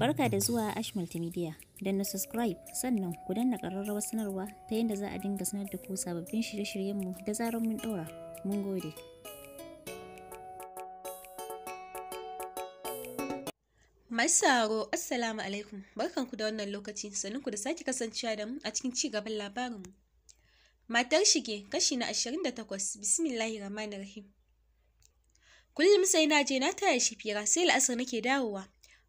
Barka da zuwa Ash Multimedia. Don na subscribe sannan ku danna ƙararrawar sanarwa ta yadda za a dinga sanar da ku sababbin shirye-shiryenmu da zarar mun ɗora. Mun gode. Masaro, Assalamu alaikum. barkan ku da wannan lokaci, sannan ku da sake kasancewa da mu a cikin ci gaban labarinmu. Matar shige, kashi na 28, Bismillahir Rahmanir Rahim. Kullum sai na je na taya shi fira sai la'asar nake dawowa.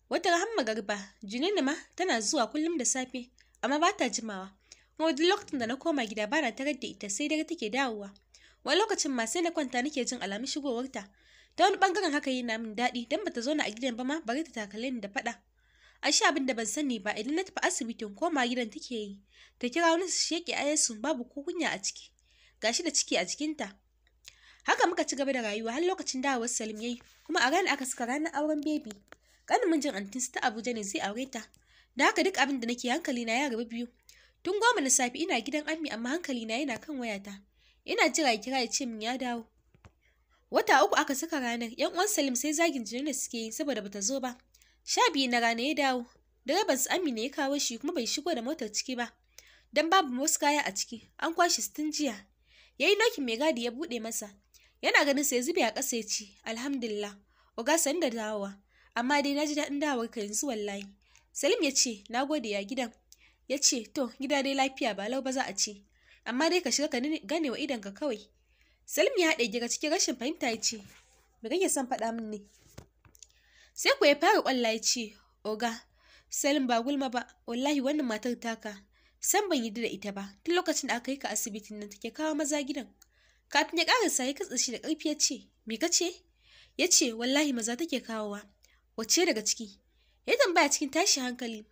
Wata Rahama Garba, Junina ma tana zuwa kullum da safe, amma ba ta jimawa. Kuma duk lokacin da na koma gida ba na tarar da ita sai dare take dawowa. Wani lokacin ma sai na kwanta nake jin alamun shigowarta. Ta wani bangaren haka yana min daɗi don bata zauna a gidan ba ma bari ta takale ni da faɗa. A shi abin da ban sani ba idan na tafi asibitin koma gidan take yi. Ta kira wani su sheƙe ayyansu babu ko kunya a ciki. Gashi da ciki a jikinta. Haka muka ci gaba da rayuwa har lokacin dawowar Salim yayi kuma a ranar aka saka ranar auren bebi. kanin mijin antinsu ta abuja ne zai aure ta da haka duk abin da nake hankali na ya rabu biyu tun goma na safe ina gidan ammi amma hankali na yana kan wayata ina jira ya kira ya ce min ya dawo wata uku aka saka ranar yan uwan salim sai zagin jini da suke yi saboda bata zo ba sha biyu na rana ya dawo direban su ammi ne ya kawo shi kuma bai shigo da motar ciki ba dan babu wasu kaya a ciki an kwashe su tun jiya yayi nokin mai gadi ya buɗe masa yana ganin sai zube a ƙasa ya ce alhamdulillah oga sani da dawowa amma dai na ji daɗin dawar ka yanzu wallahi salim ya ce na gode ya gidan ya ce to gida dai lafiya ba lau ba za a ce amma dai ka shiga ka gane wa idonka kawai salim ya haɗe gira cikin rashin fahimta ya ce me kake son faɗa min ne sai ku ya fara ƙwalla ya ce oga salim ba gulma ba wallahi wannan matar taka san ban yi da ita ba tun lokacin da aka yi ka asibitin nan take kawo maza gidan kafin ya ƙarasa ya katsa shi da ƙarfi ya ce me ka ce ya ce wallahi maza take kawowa wacce daga ciki ya tambaya cikin tashin hankali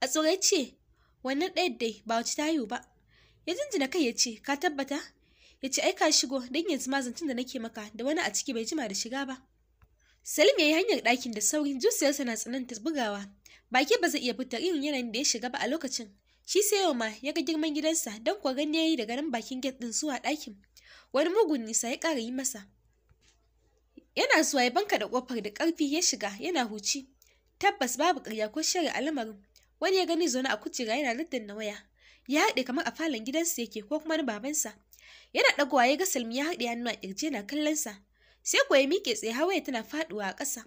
a ya ce wannan ɗayar dai ba wace ta haihu ba ya jinjina kai ya ce ka tabbata ya ce aika shigo don yanzu ma zancen da nake maka da wani a ciki bai jima da shiga ba salim ya yi hanyar ɗakin da saurin zuciyarsa na tsananta bugawa baki ba zai iya fitar irin yanayin da ya shiga ba a lokacin shi sai yau ma ya ga girman gidansa don kuwa gani ya yi daga nan bakin gate din zuwa ɗakin wani mugun nisa ya ƙara yi masa Yana zuwa ya banka da ƙofar da ƙarfi ya shiga yana huci. Tabbas babu ƙarya ko shari a lamarin. Wani ya gani zaune a kujera yana na waya. Ya haɗe kamar a falon gidansa yake ko kuma na babansa. Yana ɗagowa ya ga Salmi ya haɗe hannu a ƙirji yana kallonsa. Sai kuwa ya miƙe tsaye hawaya tana faɗuwa a ƙasa.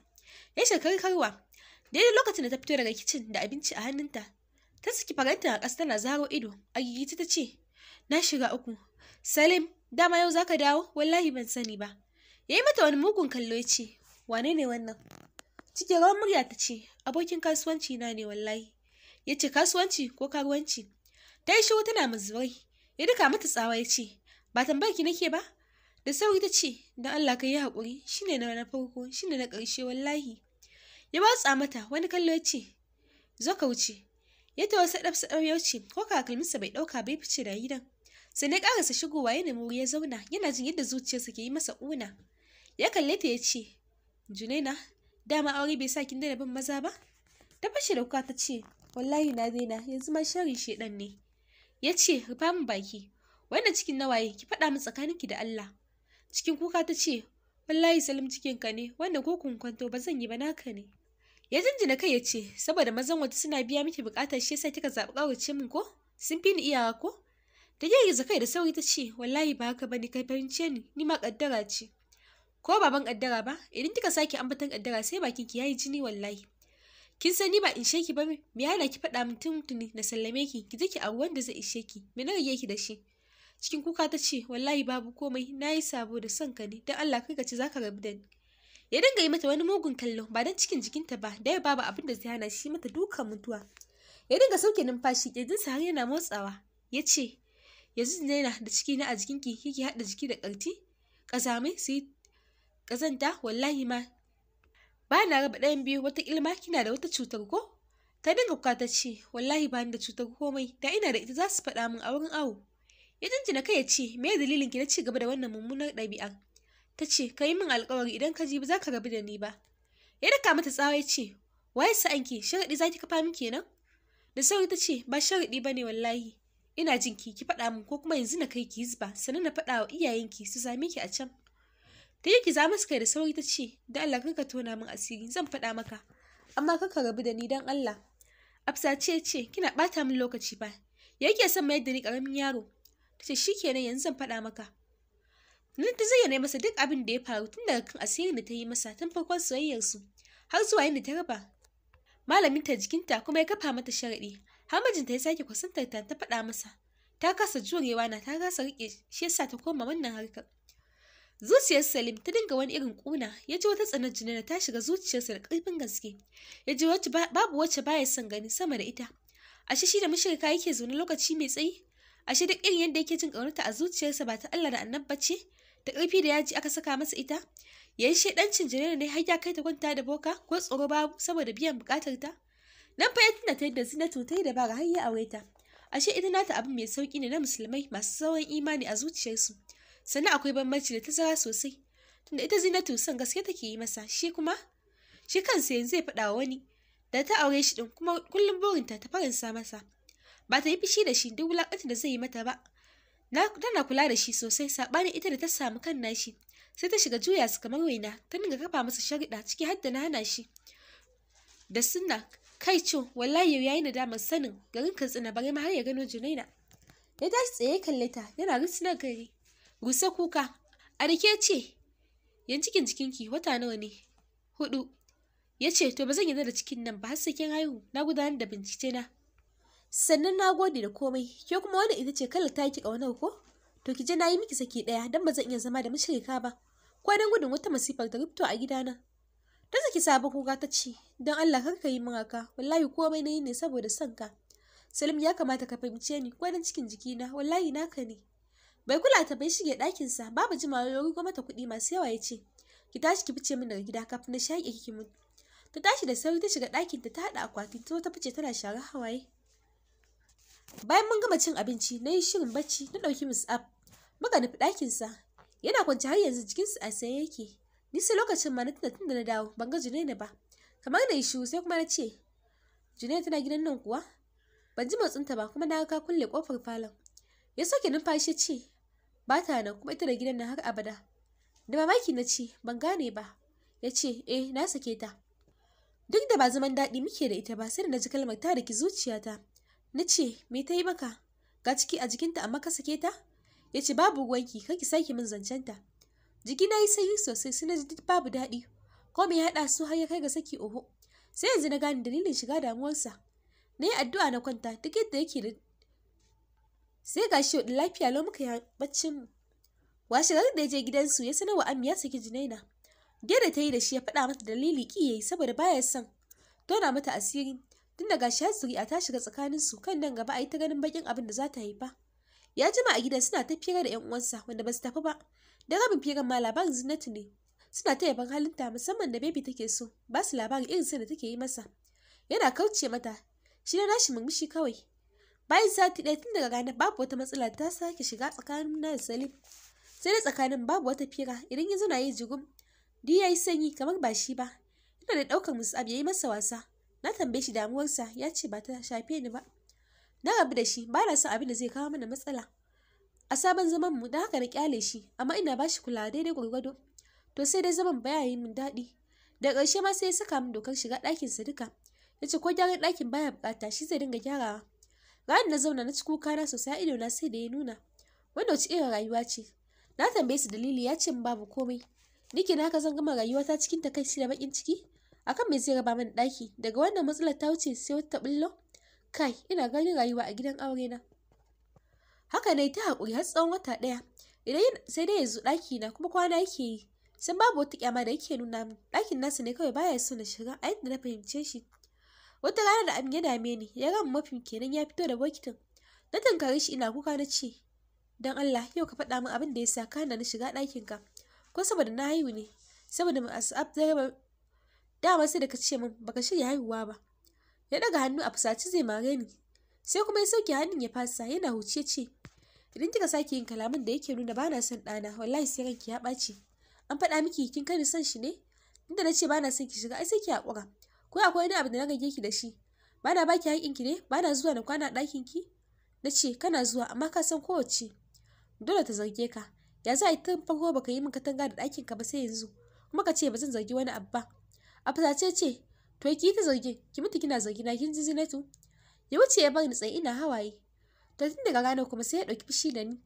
Ya shekar karwa. Daidai lokacin da ta fito daga kicin da abinci a hannunta. Ta saki faranta a ƙasa tana zaro ido. A gigita ta ce, Na shiga uku. Salim, dama yau zaka dawo? Wallahi ban sani ba. ya yi mata wani mugun kallo ya ce wane ne wannan cike rawar murya ta ce abokin kasuwanci na ne wallahi ya ce kasuwanci ko karuwanci ta yi shiru tana mazurai ya duka mata tsawa ya ce ba tambayar ki nake ba da sauri ta ce don Allah ka yi haƙuri shine na na farko shine na ƙarshe wallahi ya watsa mata wani kallo ya ce zo ka wuce ya ta wasu ɗaf ya wuce ko kakalminsa bai ɗauka bai fice da gidan sai na ƙarasa shigowa ya nemi wuri ya zauna yana jin yadda zuciyarsa ke yi masa una. ya kalle ta ya ce junaina dama aure bai sa kin daina bin maza ba ta fashe da kuka ta ce wallahi na daina yanzu ma shari shedan ne ya ce rufa min baki wannan cikin nawaye ki faɗa min ki da Allah cikin kuka ta ce wallahi salim ka ne wanda ko kwanto ba zan yi ba naka ne ya jinjina kai ya ce saboda mazan wata suna biya miki bukatar shi yasa kika zaɓi ƙaurace min ko sun fi ni iyawa ko ta yi kai da sauri ta ce wallahi ba haka bane kai fahimce ni ni ma kaddara ce ko baban kaddara ba idan kika sake ambatan kaddara sai bakin ki yayi jini wallahi kin sani ba in sheki ba me yana ki faɗa min tuntuni na sallame ki ki je ki abu wanda zai ishe ki me na rage ki da shi cikin kuka ta ce wallahi babu komai na yi sabo da son ka ne don Allah kai ka ci zaka rabu da ni ya dinga yi mata wani mugun kallo ba don cikin jikinta ba dai babu abin da zai hana shi mata dukan mutuwa ya dinga sauke numfashi kirjinsa har yana motsawa ya ce yanzu daina da ciki na a jikinki kike haɗa jiki da ƙarti ƙazamai su yi ƙazanta wallahi ma ba na raba ɗayan biyu wata ilma kina da wata cutar ko ta dinga kuka ta ce wallahi ba ni da cutar komai da ina da ita za su faɗa min a wurin awo ya jinjina kai ya ce me dalilin ki na ci gaba da wannan mummunar ɗabi'ar ta ce ka yi min alkawari idan ka ji ba za ka rabu da ni ba ya daka mata tsawa ya ce waye sa'anki sharaɗi za ki kafa min kenan da sauri ta ce ba sharaɗi ba ne wallahi ina jinki ki ki faɗa min ko kuma yanzu na kai ki zuba sannan na faɗa wa iyayenki su same ki a can ta yi ki za masu kai da sauri ta ce da Allah kan ka tona min asiri zan faɗa maka amma kan ka rabu da ni dan Allah Afsa ce ce kina ɓata min lokaci ba yake son mayar da ni ƙaramin yaro ta ce shikenan yanzu zan faɗa maka nan ta zayyana masa duk abin da ya faru tun daga kan asirin da ta yi masa tun farkon soyayyar su har zuwa yadda ta raba malamin ta jikinta kuma ya kafa mata sharaɗi har majinta ya sake kusantar ta ta faɗa masa ta kasa jurewa na ta kasa rike, shi yasa ta koma wannan harkar Zuciyar Salim ta dinga wani irin kuna, ya ji wata tsanar jinina ta shiga zuciyarsa da ƙarfin gaske. Ya ji wacce babu wacce baya son gani sama da ita. Ashe shi da mashirka yake zaune lokaci mai tsayi? Ashe duk irin yadda yake jin ƙaunarta a zuciyarsa ba ta Allah da annabba ce? ta ƙarfi da yaji aka saka masa ita? Ya yi shaidancin jinina ne har ya kai ta kwanta da boka ko tsoro babu saboda biyan buƙatar ta? Nan fa ya tuna ta yadda zina ta yi dabara har ya aure ta. Ashe ita nata abin mai sauƙi ne na musulmai masu sauran imani a zuciyarsu. sannan akwai bambanci da ta zara sosai tunda ita zinatu san gaske take yi masa shi kuma shi kansa yanzu zai faɗa wani da ta aure shi din kuma kullum burinta ta faransa masa ba ta yi fishi da shi duk wulakanta da zai yi mata ba tana kula da shi sosai saɓanin ita da ta samu kan nashi sai ta shiga juya su kamar waina ta dinga kafa masa shariɗa ciki har da na hana shi da sunna kai co wallahi yau yayi nadamar sanin garin katsina bare ma har ya gano junaina ya tashi tsaye kalle ta yana rusunar gari gusa kuka a rike ce yan cikin cikinki wata nawa ne hudu ya ce to ba zan yarda da cikin nan ba har sai kin haihu na gudanar da bincike na sannan na gode da komai ke kuma wani ita ce kala ta ki kaunar ko to ki je na yi miki saki ɗaya dan ba zan iya zama da mashirika ba kwanan gudun wata masifar da rubto a gidana ta saki sabon kuka ta ce don Allah kar ka yi min haka wallahi komai na yi ne saboda son ka Salim ya kamata ka fahimce ni kwanan cikin jikina wallahi naka ne bai kula ta bai shige ɗakinsa babu jimawa ya rugo mata kuɗi masu yawa ya ce ki tashi ki fice min daga gida kafin na shaƙe kiki mutu ta tashi da sauri ta shiga ɗakinta ta ta haɗa akwati ta ta fice tana sharar hawaye bayan mun gama cin abinci na yi shirin bacci na ɗauki ab. muka nufi ɗakinsa yana kwance har yanzu jikinsa a sayayyaki. yake ni sai lokacin ma na tunda tunda na dawo ban ga junaina ba kamar na yi sai kuma na ce junaina tana gidan nan kuwa ban ji motsinta ba kuma na ga ka kulle kofar falon ya soke numfashi ce ba ta nan kuma ita da gidan nan har abada da mamaki na ce ban gane ba ya ce eh na sake ta duk da ba zaman daɗi muke da ita ba sai da na ji kalmar ta riki zuciyata na ce me ta yi maka ga ciki a jikinta amma ka sake ta ya ce babu ruwanki kar ki sake min zancenta jiki na yi sanyi sosai sai na ji babu daɗi ko me ya haɗa su har ya kai ga saki oho sai yanzu na gane dalilin shiga damuwarsa na yi addu'a na kwanta duk yadda yake sai ga shi lafiya lau muka yi baccin mu washe garin da ya je gidansu ya sanarwa Ami ya saki jinaina da ta yi da shi ya faɗa mata dalili ki yayi saboda baya son tona mata asiri tun daga shi har a ta shiga tsakanin su kan nan gaba a yi ta ganin bakin abin da za ta haifa ya jima a gidan suna ta fira da yan uwansa wanda basu tafi ba da rabin firan ma labarin zinatu ne suna ta yaban halinta musamman da bebi take so basu su labarin irin sa da take yi masa yana kauce mata shi na nashi murmushi kawai bayan sati ɗaya tun daga ranar babu wata matsala ta sake shiga tsakanin na da salim sai da tsakanin babu wata fira idan ya zuna yi jigum di ya yi sanyi kamar ba shi ba ina da ɗaukar musab ya yi masa wasa na tambaye shi damuwarsa ya ce ba ta shafe ni ba na rabu da shi ba na son abin da zai kawo mana matsala a sabon zaman mu da haka na kyale shi amma ina ba shi kula daidai gwargwado to sai dai zaman baya yi min daɗi da ƙarshe ma sai ya saka min dokar shiga ɗakinsa duka ya ce ko gyaran ɗakin baya buƙata shi zai dinga gyarawa Ranar na zauna na ci kuka na sosai ido na sai da ya nuna. Wanda wace irin rayuwa ce? Na tambaye su dalili ya ce babu komai. Nike na haka zan gama rayuwata cikin takaici da bakin ciki? Akan me zai raba min ɗaki? Daga wannan matsalar ta wuce sai wata bullo? Kai, ina ganin rayuwa a gidan aure na. Haka ne ta hakuri har tsawon wata ɗaya. Idan sai dai yanzu ɗaki na kuma kwana yake yi. Sun babu wata kyama da yake nuna min. Ɗakin nasa ne kawai baya so na shiga a yadda na fahimce shi. wata rana da abin ya dame ni ya gama mafi kenan ya fito da bokitin na tankare shi ina kuka na ce don Allah yau ka faɗa min abin da ya sa kana na shiga ɗakin ka ko saboda na haihu ne saboda mai asab dama sai da ka ce min baka shirya haihuwa ba ya daga hannu a fusaci zai mare ni sai kuma ya sauke hannun ya fasa yana huce ce idan kika sake yin kalamin da yake nuna bana son ɗana wallahi sai ranki ya ɓaci an faɗa miki kin kani son shi ne inda na ce bana son ki shiga ai sai ki haƙura ko akwai wani abu da na gage ki da shi Bana baki haƙin ki ne Bana zuwa da kwana ɗakin ki na ce kana zuwa amma ka san kowace dole ta zarge ka ya za a yi tun farko baka yi min katanga da ɗakin ka ba sai yanzu kuma ka ce ba zan zargi wani abu ba a fasace ce to ki ta zargin ki mutu kina zargi na kin ji tu?" ya wuce ya bar ni tsaye ina hawaye to tun daga ranar kuma sai ya ɗauki fushi da ni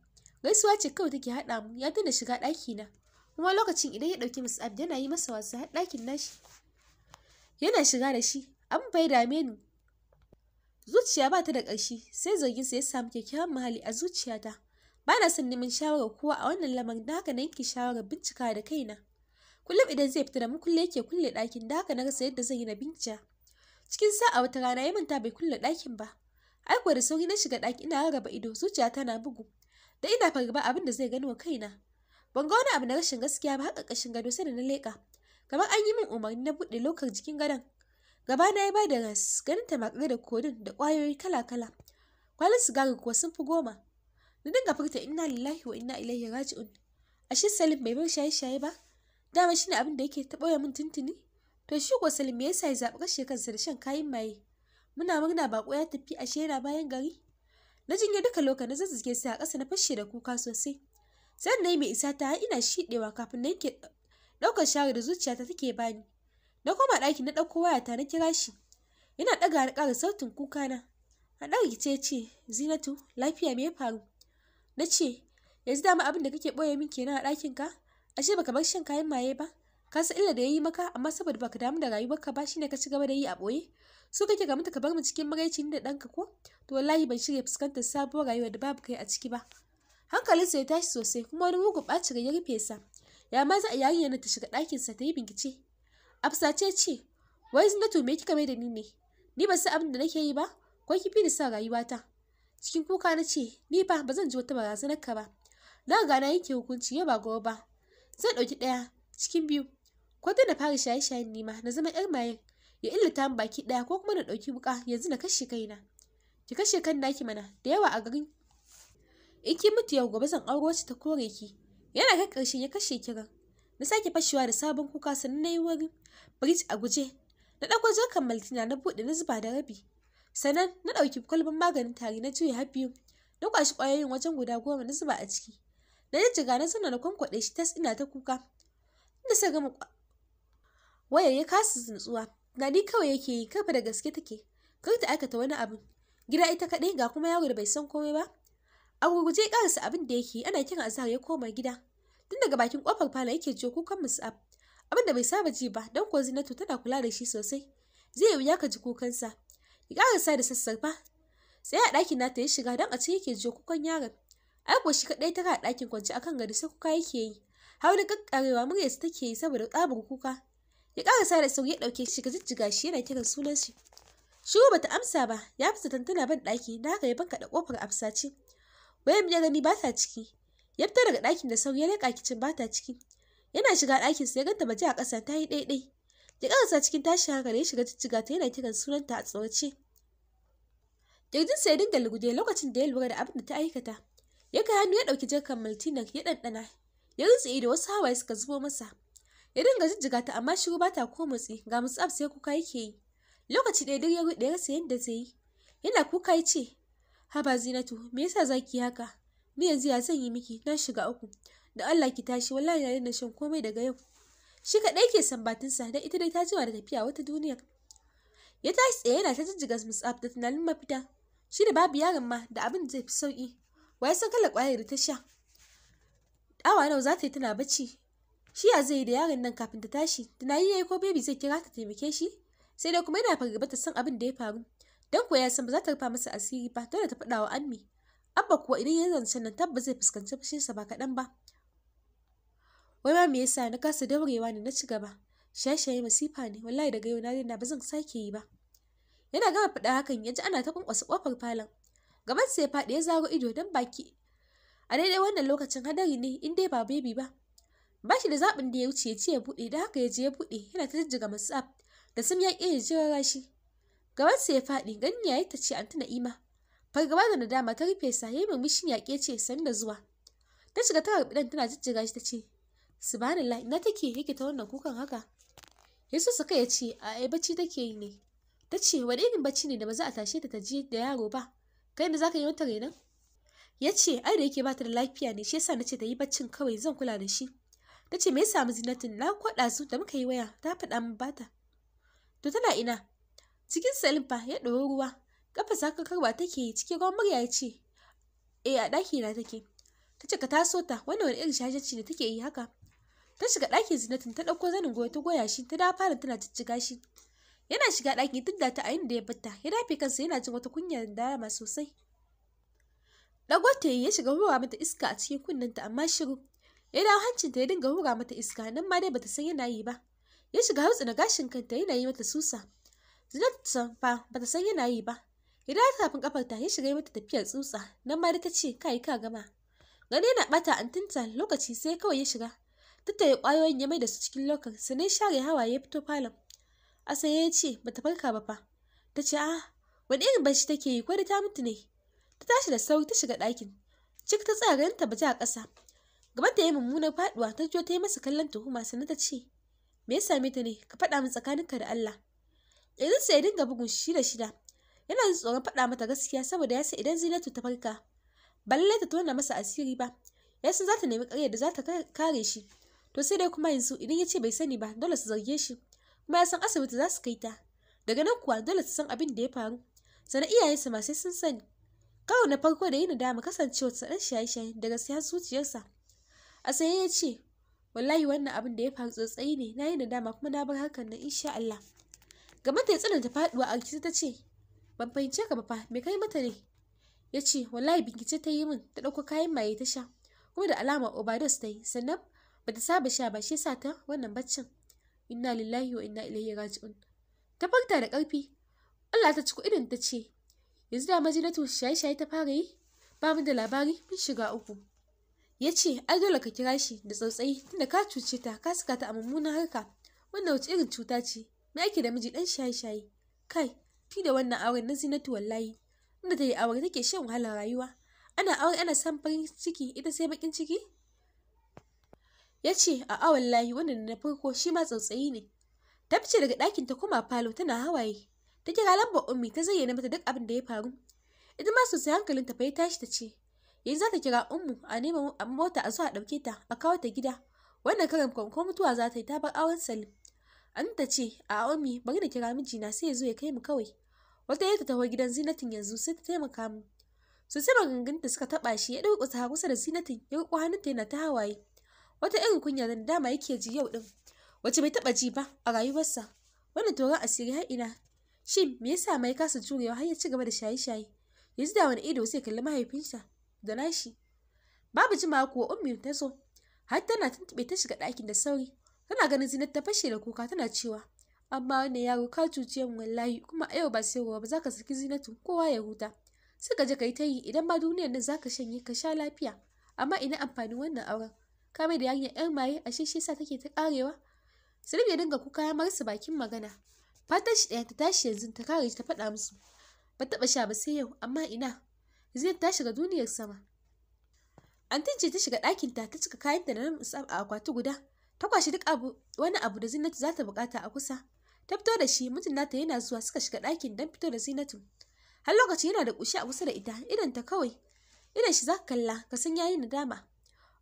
gaisuwa ce kawai take haɗa mu ya tuna shiga ɗaki na kuma lokacin idan ya ɗauki musu abu yana yi masa wasa ɗakin nashi yana shiga da shi an bai dame ni zuciya ba ta da ƙarshi sai zargin sa ya samu kyakkyawan muhalli a zuciyata ba na son neman shawarar kowa a wannan lamarin da haka na yanke shawarar bincika da kaina kullum idan zai fita da mu kulle yake kulle ɗakin da haka na rasa yadda zan yi na bincika cikin sa'a wata rana ya manta bai kulle ɗakin ba aiko da sauri na shiga ɗaki ina rarraba ido zuciya tana bugu da ina fargaba abin da zai gano kaina ban ga wani abu na rashin gaskiya ba haka ƙashin gado sai da na leƙa kamar an yi min umarni na buɗe lokar jikin gadon gaba na ya ba da ras ganin ta makare da kodin da ƙwayoyi kala-kala kwalin sigari kuwa sun fi goma na dinga furta inna lillahi wa inna ilaihi raji'un ashe salim bai bar shaye-shaye ba dama shi ne abin da yake ta ɓoye min tuntuni to shi ko salim me sa ya zaɓi kashe kansa da shan kayan maye muna murna baƙo ya tafi ashe yana bayan gari na jinya duka lokacin na zazzage sai a ƙasa na fashe da kuka sosai Zan na yi mai isa ta ina shiɗewa kafin na yanke ɗaukar shawari da zuciyata take bani na koma ɗaki na ɗauko wayata na kira shi yana ɗaga na ƙara sautin kuka na ɗaga gice ce zinatu lafiya me ya faru na ce yanzu dama abin da kake ɓoye min kenan a ɗakin ka ashe baka bar shan kayan maye ba ka san illa da ya yi maka amma saboda baka damu da rayuwarka ba shine ka ci gaba da yi a ɓoye su kake ga mutu ka bar mu cikin maraicin da ɗanka ko to wallahi ban shirya fuskantar sabuwar rayuwa da babu kai a ciki ba hankalinsa ya tashi sosai kuma wani mugun ɓacin ya rufe sa ya maza a yayin yana ta shiga ɗakinsa ta yi binkice afsa ce ce wai zinatu me kika mai da ni ne ni ba san abin da nake yi ba ko ki fi da sa ta cikin kuka na ce ni ba ba zan ji wata barazanar ka ba na ga na yanke hukunci yau ba gobe ba zan ɗauki ɗaya cikin biyu ko da na fara shaye-shayen nema na zama yar mayen ya illata min baki ɗaya ko kuma na ɗauki wuka yanzu na kashe kaina ki kashe kan naki mana da yawa a garin in ki mutu yau gobe zan auro wacce ta kore ki yana kai ƙarshe ya kashe kiran na sake fashewa da sabon kuka sannan na yi wurin bridge a guje na ɗauko jirgin maltina na buɗe na zuba da rabi sannan na ɗauki kwalban maganin tari na juya har biyu na kwashi ƙwayoyin wajen guda goma na zuba a ciki na jijjiga na zauna na kwankwaɗe shi tas ina ta kuka inda sai gama wayar ya kasa nutsuwa Na ni kawai yake yi karfe da gaske take kar ta aikata wani abu gida ita kaɗai ga kuma yaro da bai san komai ba a gurguje ya karasa abin da yake ana kira azhar ya koma gida tun daga bakin kofar fala yake jiyo kukan musab abin da bai saba ji ba don kuwa zinatu tana kula da shi sosai zai yi wuya ka ji kukansa ya karasa da sassarfa sai a ɗakin nata ya shiga don a ce yake jiyo kukan yaron ai ko shi kaɗai tara a ɗakin kwance akan gari sai kuka yake yi har da kakkarewa muryarsa take yi saboda tsabar kuka ya karasa da sauri ya ɗauke shi ka jijjiga shi yana kiran sunan shi shiru bata amsa ba ya fita tantana ban ɗaki da haka ya bankaɗa ƙofar afsaci bayan ya gani ba ciki. Ya fita daga ɗakin da sauri ya leƙa kicin ba ciki. Yana shiga ɗakin sa ya ganta baje a ƙasa ta yi ɗaiɗai. Ya ƙasa cikin tashin hankali ya shiga jijjiga ta yana kiran sunanta a tsorace. sa ya dinga lugude lokacin da ya lura da abin da ta aikata. Ya kai hannu ya ɗauki jarkan Maltina ya ɗanɗana. Ya rutsi da wasu hawaye suka zubo masa. Ya dinga jijjiga ta amma shiru bata ko motsi ga Musab sai kuka yake yi. Lokaci ɗaya duk ya rasa yadda zai yi. Yana kuka ya ce, haba zinatu me yasa zaki haka ni yanzu ya zan yi miki na shiga uku da Allah ki tashi wallahi na daina shan komai daga yau shi kadai ke sa da ita dai ta jima da tafiya wata duniyar ya tashi tsaye yana ta jijjiga musab da tunanin mafita shi da babu yaron ma da abin zai fi sauki ya san kala da ta sha awa nawa za ta yi tana bacci shi ya zai da yaron nan kafin ta tashi tunani yayi ko bebi zai kira ta taimake shi sai dai kuma yana fargaba ta san abin da ya faru don kuwa ya san ba za ta rufa masa asiri ba dole ta faɗa wa ammi abba kuwa idan ya zance nan tabba zai fuskanci fushinsa ba kaɗan ba wai ma me yasa na kasa daurewa ne na ci gaba shaye-shaye masifa ne wallahi daga yau na daina ba zan sake yi ba yana gama faɗa hakan ya ji ana ta kwankwasa kofar falon gaban sai faɗi ya zaro ido don baki a daidai wannan lokacin hadari ne in dai ba bebi ba ba shi da zabin da ya wuce ya ce ya buɗe da haka ya je ya bude yana ta jijjiga musaf da sun ya ƙi ya jira rashi gaban gabansa ya faɗi ganin yayi ta ce an tana ima fargaba da nadama ta rufe sa yayi murmushin yaƙe ce da zuwa ta shiga ta karɓi ɗan tana jijjiga shi ta ce subhanallah ina take yake ta wannan kukan haka yesu suka ya ce a ai bacci take yi ne ta ce wani irin bacci ne da ba za a tashe ta ta je da yaro ba kai da zaka yi wata renon ya ce ai da yake bata da lafiya ne shi yasa na ce ta yi baccin kawai zan kula da shi ta ce me ya samu zinatin na kwaɗa su da muka yi waya ta faɗa min bata to tana ina cikin salimfa ya ɗori ruwa kafa sakakarwa take yi cikin ruwan murya ya ce e a ɗaki na take ta ce ka taso ta wani wani irin shajarci ne take yi haka ta shiga ɗakin zinatin ta ɗauko zanin goyo ta goya shi ta dafa da tana jijjiga shi yana shiga ɗakin duk da ta a inda ya bata ya dafe kansa yana jin wata kunya da dama sosai Dagote ya shiga hura mata iska a cikin kunnenta amma shiru. Ya dawo hancinta ya dinga hura mata iska nan ma dai bata san yana yi ba. Ya shiga hautsina na gashin kanta yana yi mata susa. Zinatu fa ba ta san yana yi ba. ta tafin kafarta ya shiga mata tafiyar tsutsa nan ma ta ce kai ka gama. Gani yana bata antinta lokaci sai kawai ya shiga. Tattaye kwayoyin ya mai da su cikin lokal sanai share hawa ya fito falon. Asa ya ce ba ta farka ba fa. Ta ce a ah, wani irin bashi take yi kwari ta mutu ne. Ta tashi da sauri ta shiga ɗakin. Cik ta tsaya ganin ta baje a ƙasa. Gaba ta yi mummunar faɗuwa, ta jo ta yi masa kallon tuhuma sannan ta ce me ya same ta ne ka faɗa min tsakaninka da Allah. irinsa ya dinga bugun shida shida yana da tsoron faɗa mata gaskiya saboda ya san idan zinatu ta farka balle ta tona masa asiri ba ya san za ta nemi ƙarya da za ta kare shi to sai dai kuma yanzu idan ya ce bai sani ba dole su zarge shi kuma ya san asibiti za su kai ta daga nan kuwa dole su san abin da ya faru sannan iyayensa ma sai sun sani karo na farko da yi nadama kasancewa ta ɗan shaye-shaye da gaskiya zuciyarsa a sai ya ce wallahi wannan abin da ya faru tsotsayi ne na yi nadama kuma na bar hakan na insha Allah game da ya tsananta faduwa a rikice ta ce ban fahimce ka ba fa me kai mata ne ya ce wallahi bincike ta yi min ta ɗauko kayan maye ta sha kuma da alama overdose ta yi sannan bata ta saba sha ba shi yasa ta wannan baccin inna lillahi wa inna ilaihi raji'un ta farta da ƙarfi Allah ta ciko idan ta ce yanzu da majinatu shaye-shaye ta fara yi ba mu da labari mun shiga uku ya ce ai dole ka kira shi da tsautsayi tunda ka cuce ta ka saka ta a mummunan harka wannan wace irin cuta ce me ake da miji dan shaye-shaye kai fi da wannan auren na zinatu wallahi inda ta yi aure take shan wahalar rayuwa ana aure ana san farin ciki ita sai bakin ciki ya ce a awon layi wannan na farko shi ma tsautsayi ne ta fice daga ɗakin ta koma falo tana hawaye ta kira lambar ummi ta zayyana mata duk abin da ya faru ita ma sosai hankalinta fa ya tashi ta ce yanzu za ta kira ummu a nema mota a zuwa ɗauke ta a kawo ta gida wannan karin kwanko mutuwa za ta yi ta bar awon salim an ta ce a omi bari da kira mijina sai ya zo ya kai mu kawai wata yadda taho gidan zinatin yanzu sai ta taimaka mu su sai da suka taba shi ya durƙusa ha kusa da zinatin ya riƙo hannunta yana ta hawaye wata irin kunya da dama yake ji yau din wacce bai taba ji ba a rayuwarsa wannan toron asiri har ina shin me yasa mai kasa jurewa har ya ci gaba da shaye-shaye yanzu da wani ido sai kalli mahaifinsa da nashi babu jimawa ko ummi ta zo har tana tuntuɓe ta shiga ɗakin da sauri tana ganin zinat ta fashe da kuka tana cewa amma wannan yaro ka cuce mu wallahi kuma a yau ba sai gobe ba zaka saki zinatu kowa ya huta suka je kai ta yi idan ma duniyar nan zaka shanye ka sha lafiya amma ina amfanin wannan auren ka mai da yarinya 'yar maye a shi sa take ta karewa su ya dinga kuka ya marsu bakin magana fatan shi daya ta tashi yanzu ta kare ta faɗa musu ba taɓa sha ba sai yau amma ina zai ta shiga duniyar sama antin ce ta shiga dakin ta ta cika ta da nan a akwati guda ta kwashi duk abu wani abu da Zinatu za ta bukata a kusa. Ta fito da shi mijin nata yana zuwa suka shiga ɗakin don fito da Zinatu. Har lokaci yana da kushi a kusa da ita idan ta kawai. Idan shi za ka kalla ka san yayi nadama.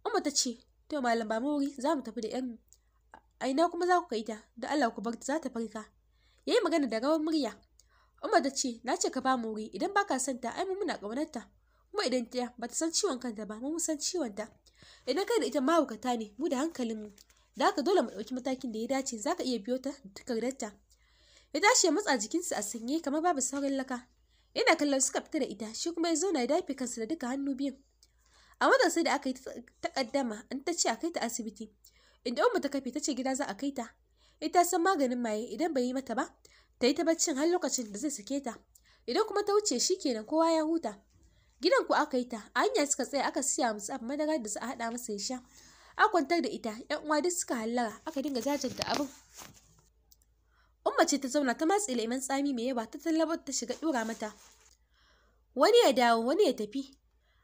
Umma ta ce to malam ba wuri za mu tafi da yan aina kuma za ku kai ta da Allah ku bar za ta farka. Yayi magana da rawar murya. Umma ta ce na ce ka ba muri, wuri idan baka son ta ai mu muna ƙaunarta. Kuma idan ta ba ta san ciwon kanta ba mu san ciwon ta. Idan kai da ita mahaukata ne mu da hankalin mu da haka dole mu ɗauki matakin da ya dace za ka iya biyo ta takardarta ya tashi ya matsa jikinsa a sanye kamar babu sauran laka ina kallon suka fita da ita shi kuma ya zauna ya dafe kansa da duka hannu biyun a wadda sai da aka yi takaddama an ta ce a kai ta asibiti inda umma ta kafe ta ce gida za a kai ta ita san maganin maye idan bai yi mata ba ta yi ta baccin har lokacin da zai sake ta idan kuma ta wuce shi kenan kowa ya huta gidan ku aka yi ta a hanya suka tsaya aka siya musu abu madara da za a haɗa masa ya sha a kwantar da ita yan uwa duk suka hallara aka dinga da abin umma ce ta zauna ta matse leman tsami mai yawa ta tallabar ta shiga dura mata wani ya dawo wani ya tafi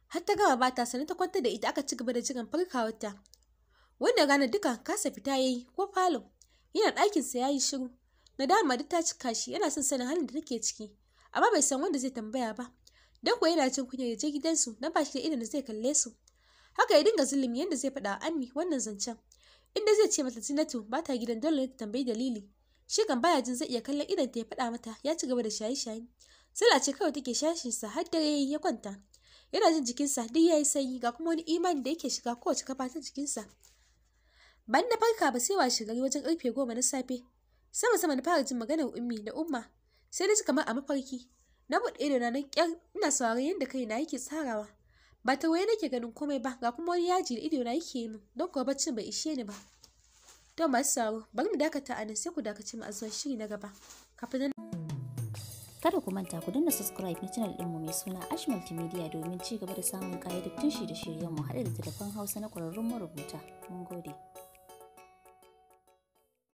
har ta gama bata sani ta kwantar da ita aka ci gaba da jiran ta Wannan rana duka kasa fita ya yi, ko falo yana ɗakin sa yayi shiru nadama duk ta cika shi yana son sanin halin da take ciki amma bai san wanda zai tambaya ba dan kuwa yana jin kunya ya je gidansu na ba shi da idan zai kalle su haka ya dinga zulumi yadda zai faɗa ammi wannan zancen inda zai ce mata zinatu ba ta gidan dole ta tambayi dalili shi kan baya jin zai iya kallon idan ta ya faɗa mata ya ci gaba da shaye-shaye sila ce kawai take sa har dare ya kwanta yana jin jikinsa duk yayi sanyi ga kuma wani imani da yake shiga kowace kafa ta jikinsa ban na farka ba sai washe gari wajen karfe goma na safe sama sama na fara jin maganar ummi da umma sai da ji kamar a mafarki na buɗe da na na ina sauraron yadda kai na yake tsarawa ba ta waye nake ganin komai ba ga kuma wani yaji da ido yake min don kuwa baccin bai ishe ni ba to masu sauro bari mu dakata a nan sai ku dakace mu a zuwan shiri na gaba kafin nan kada ku manta ku danna subscribe na channel ɗinmu mai suna ash multimedia domin ci gaba da samun kayyadattun shirye-shiryenmu haɗa da telefon hausa na ƙwararrun marubuta mun gode